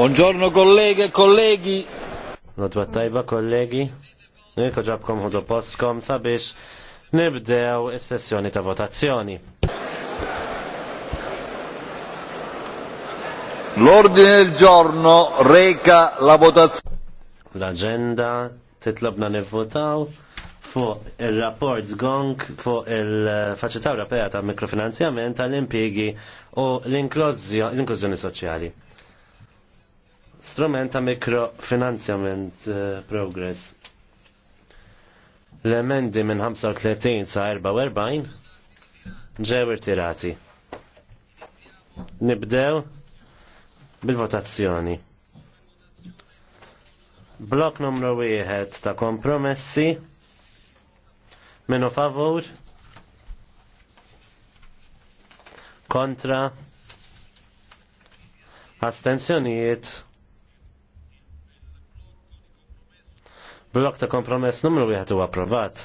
Buongiorno kolleghe e kollegi. Notba tajba kollegi. nieko ġabkom ħodu postkom sabiex nibdew is-sessjoni ta' votazzjoni. L-ordine del giorno reca la votazione. L-agenda titlobna nivvotaw fuq il-rapport zgong fuq il-Faċità Ewropea ta' Mikrofinanzjament tal-impjegi u l-inklużjoni soċjali strument ta' mikrofinanzjament eh, progress. L-emendi minn 35 sa' 44 ġew irtirati. Nibdew bil-votazzjoni. Blok numru wieħed ta' kompromessi minnu favur kontra astensjonijiet Blok ta' kompromess numru wieħed huwa approvat.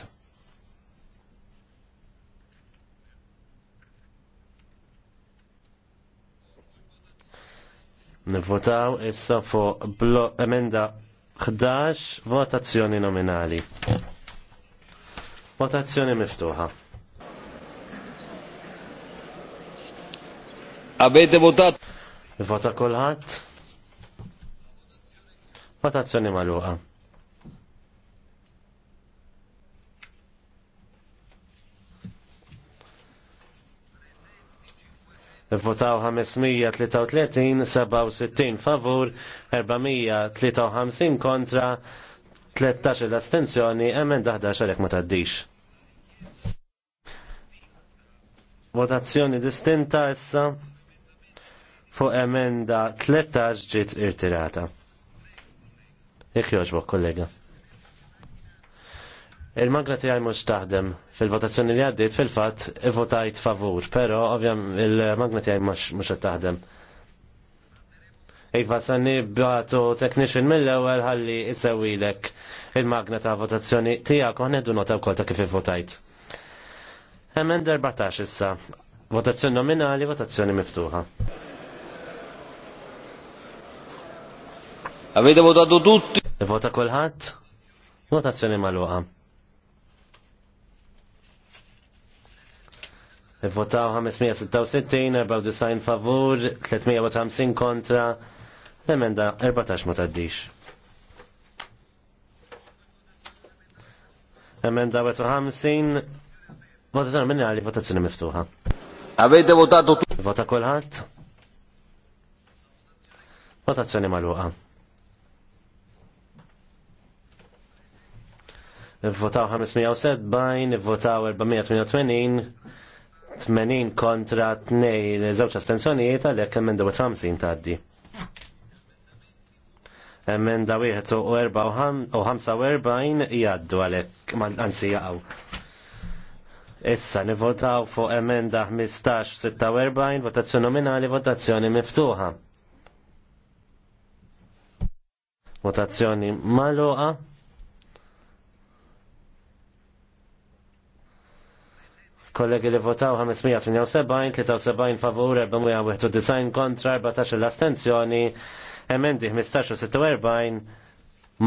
Nivvotaw issa fuq emenda 11 votazzjoni nominali. Votazzjoni miftuħa. Avete votat? Vota kolħat? Votazzjoni maluħa. votaw 533, 67 favur, 453 kontra, 13 l-astenzjoni, emmen 11 għalek ma taddix. Votazzjoni distinta issa fuq emenda 13 ġiet irtirata. Ik joġbok, kollega. Il-magra tijaj mux taħdem. Fil-votazzjoni li għaddit, fil-fat, votajt favur, pero ovvjam il-magna tijaj mux taħdem. Iva sanni bħatu technician mill-ewel ħalli isewilek il-magna ta' votazzjoni tijak uħnedu nota u ta' kif votajt. Emmen 14 issa. Votazzjoni nominali, votazzjoni miftuħa. Avete votato tutti? Vota kolħat? Votazzjoni maluħa. Votaw 566, 94 favur, 350 kontra, l-emenda 14 ma taddix. Emenda 50, votazzjoni minnali, għalli votazzjoni miftuħa. Avete votato tu? Vota kolħat? Votazzjoni maluqa. Votaw 570, votaw 488, 80 kontra 2 żewġ astensjonijiet għalhekk emenda 50 tgħaddi. Emenda 1 u 45 jgħaddu għalhekk anzi jaqgħu. Issa nivotaw fuq emenda 15-46 votazzjoni nominali votazzjoni miftuħa. Votazzjoni maluqa. kollegi li votaw 578, 73 favur, 491 kontra, 14 l-astenzjoni, emendi 1546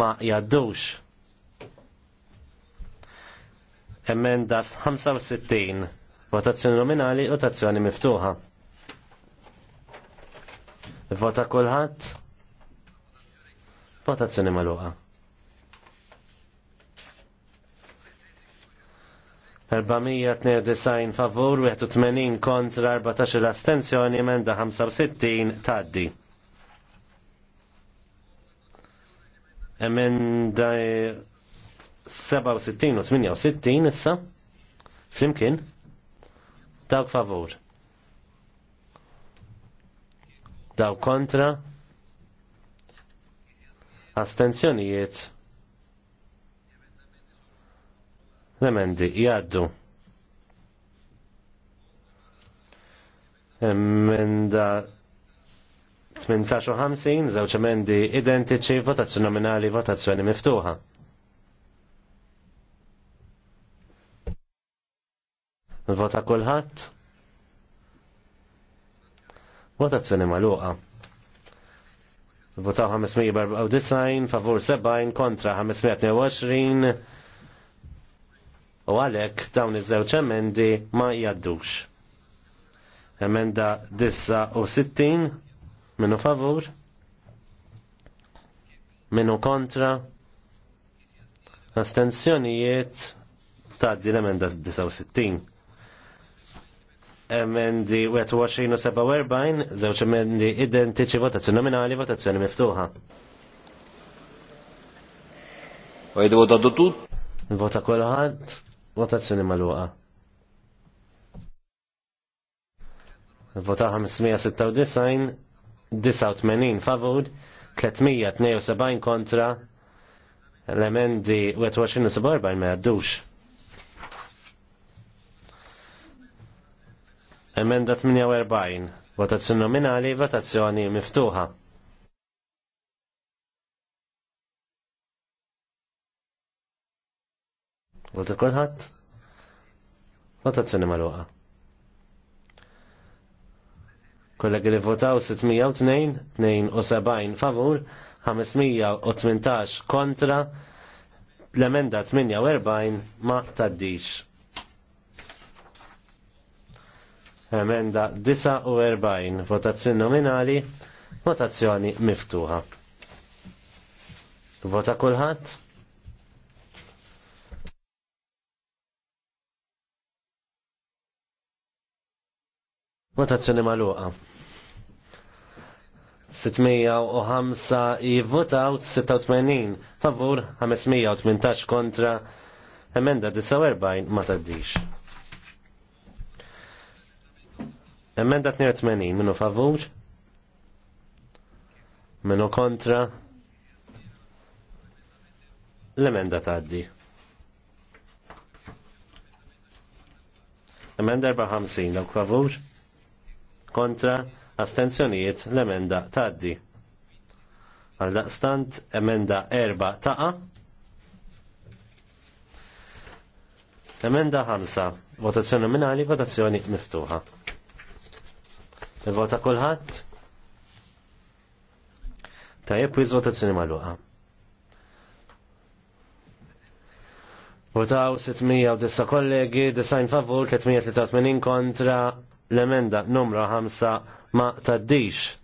ma jaddux. Emenda 65, votazzjoni nominali, votazzjoni miftuħa. Vota kulħadd? Votazzjoni maluqa. 492 favur, 81 kontra, 14 astenzjoni, menda 65 taddi. Emenda 67 u 68 issa, flimkien, dawk favur. Dawk kontra, astenzjonijiet L-emendi jgħaddu. Emenda 18.50, zewċ emendi identiċi, votazzjoni nominali, votazzjoni miftuħa. Vota kulħadd. Votazzjoni magħluqa. Votaw 594 favur 70 kontra 522 u għalhekk dawn iż-żewġ emendi ma jgħaddux. Emenda 69 minu favur, minu kontra, astenzjonijiet ta' di l-emenda 69. Emendi 27, 47, zewċ emendi identiċi votazzjoni nominali, votazzjoni miftuħa. U jidu vota tutut? Vota kolħad, Votazzjoni maluqa. Vota 596, 89 favur, 372 kontra, l-emendi 24 u ma jaddux. Emenda 48, votazzjoni nominali, votazzjoni miftuħa. Vota kolħat? Votazzjoni maluqa. Kollegi li votaw 602, 7 favur, 518 kontra, l-emenda 48 ma taddix. Emenda 49, votazzjoni nominali, votazzjoni miftuħa. Vota kulħadd? Votazzjoni maluqa. 605 jivvotaw 86 favur 518 kontra emenda 49 ma taddix. Emenda 82 minu favur minu kontra l-emenda taddi. Emenda 54 dawk favur kontra astenzjonijiet l-emenda taddi. Għal daqstant emenda erba taqa. Emenda ħamsa, votazzjoni nominali, votazzjoni miftuħa. Il-vota kulħadd? Ta' jepwiz votazzjoni magħluqa. Votaw 609 kollegi, design favur, 383 kontra, l-emenda numru 5 ma taddix.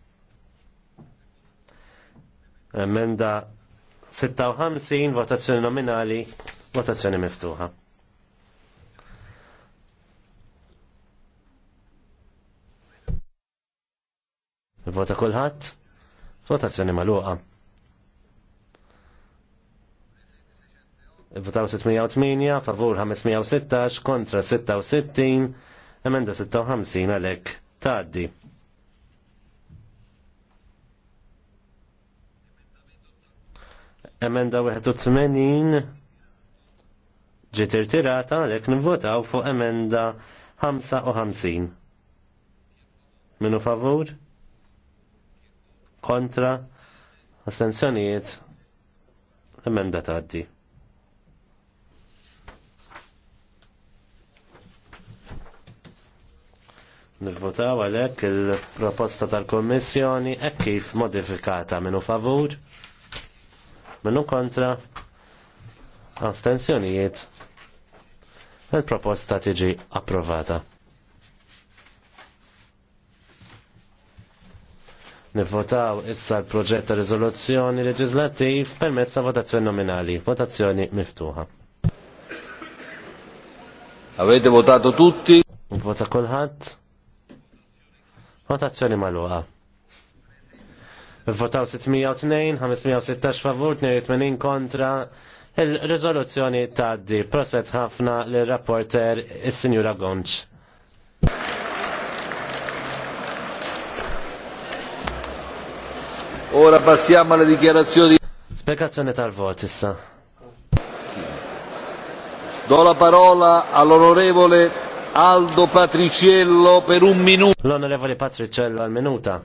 Emenda 56 votazzjoni nominali, votazzjoni miftuħa. Vota kulħadd, votazzjoni magħluqa. Votaw 608, favur 516, kontra 66, Emenda 56 għalek taddi. Emenda 81 ġiet irtirata għalek nivvotaw fuq emenda 55. Minu favur? Kontra? Astenzjoniet? Emenda taddi. Nivvotaw għalhekk il-proposta tal-Kommissjoni hekk kif modifikata minnu favur, minnu kontra, astensjonijiet. Il-proposta tiġi approvata. Nivvotaw issa l-proġett ta' rizoluzzjoni leġislattiv permezz ta' votazzjoni nominali, votazzjoni miftuħa. Avete votato tutti? Vota kulħadd? Votazzjoni maluqa. Votaw 602, 516 favur, 82 kontra. Il-rizoluzzjoni taddi. Proset ħafna l-rapporter il sinjura Gonċ. Ora passiamo alle dichiarazioni. Spiegazione tal-vot Do la parola all'onorevole Aldo Patriciello per un minuto. L'onorevole Patriciello al minuta.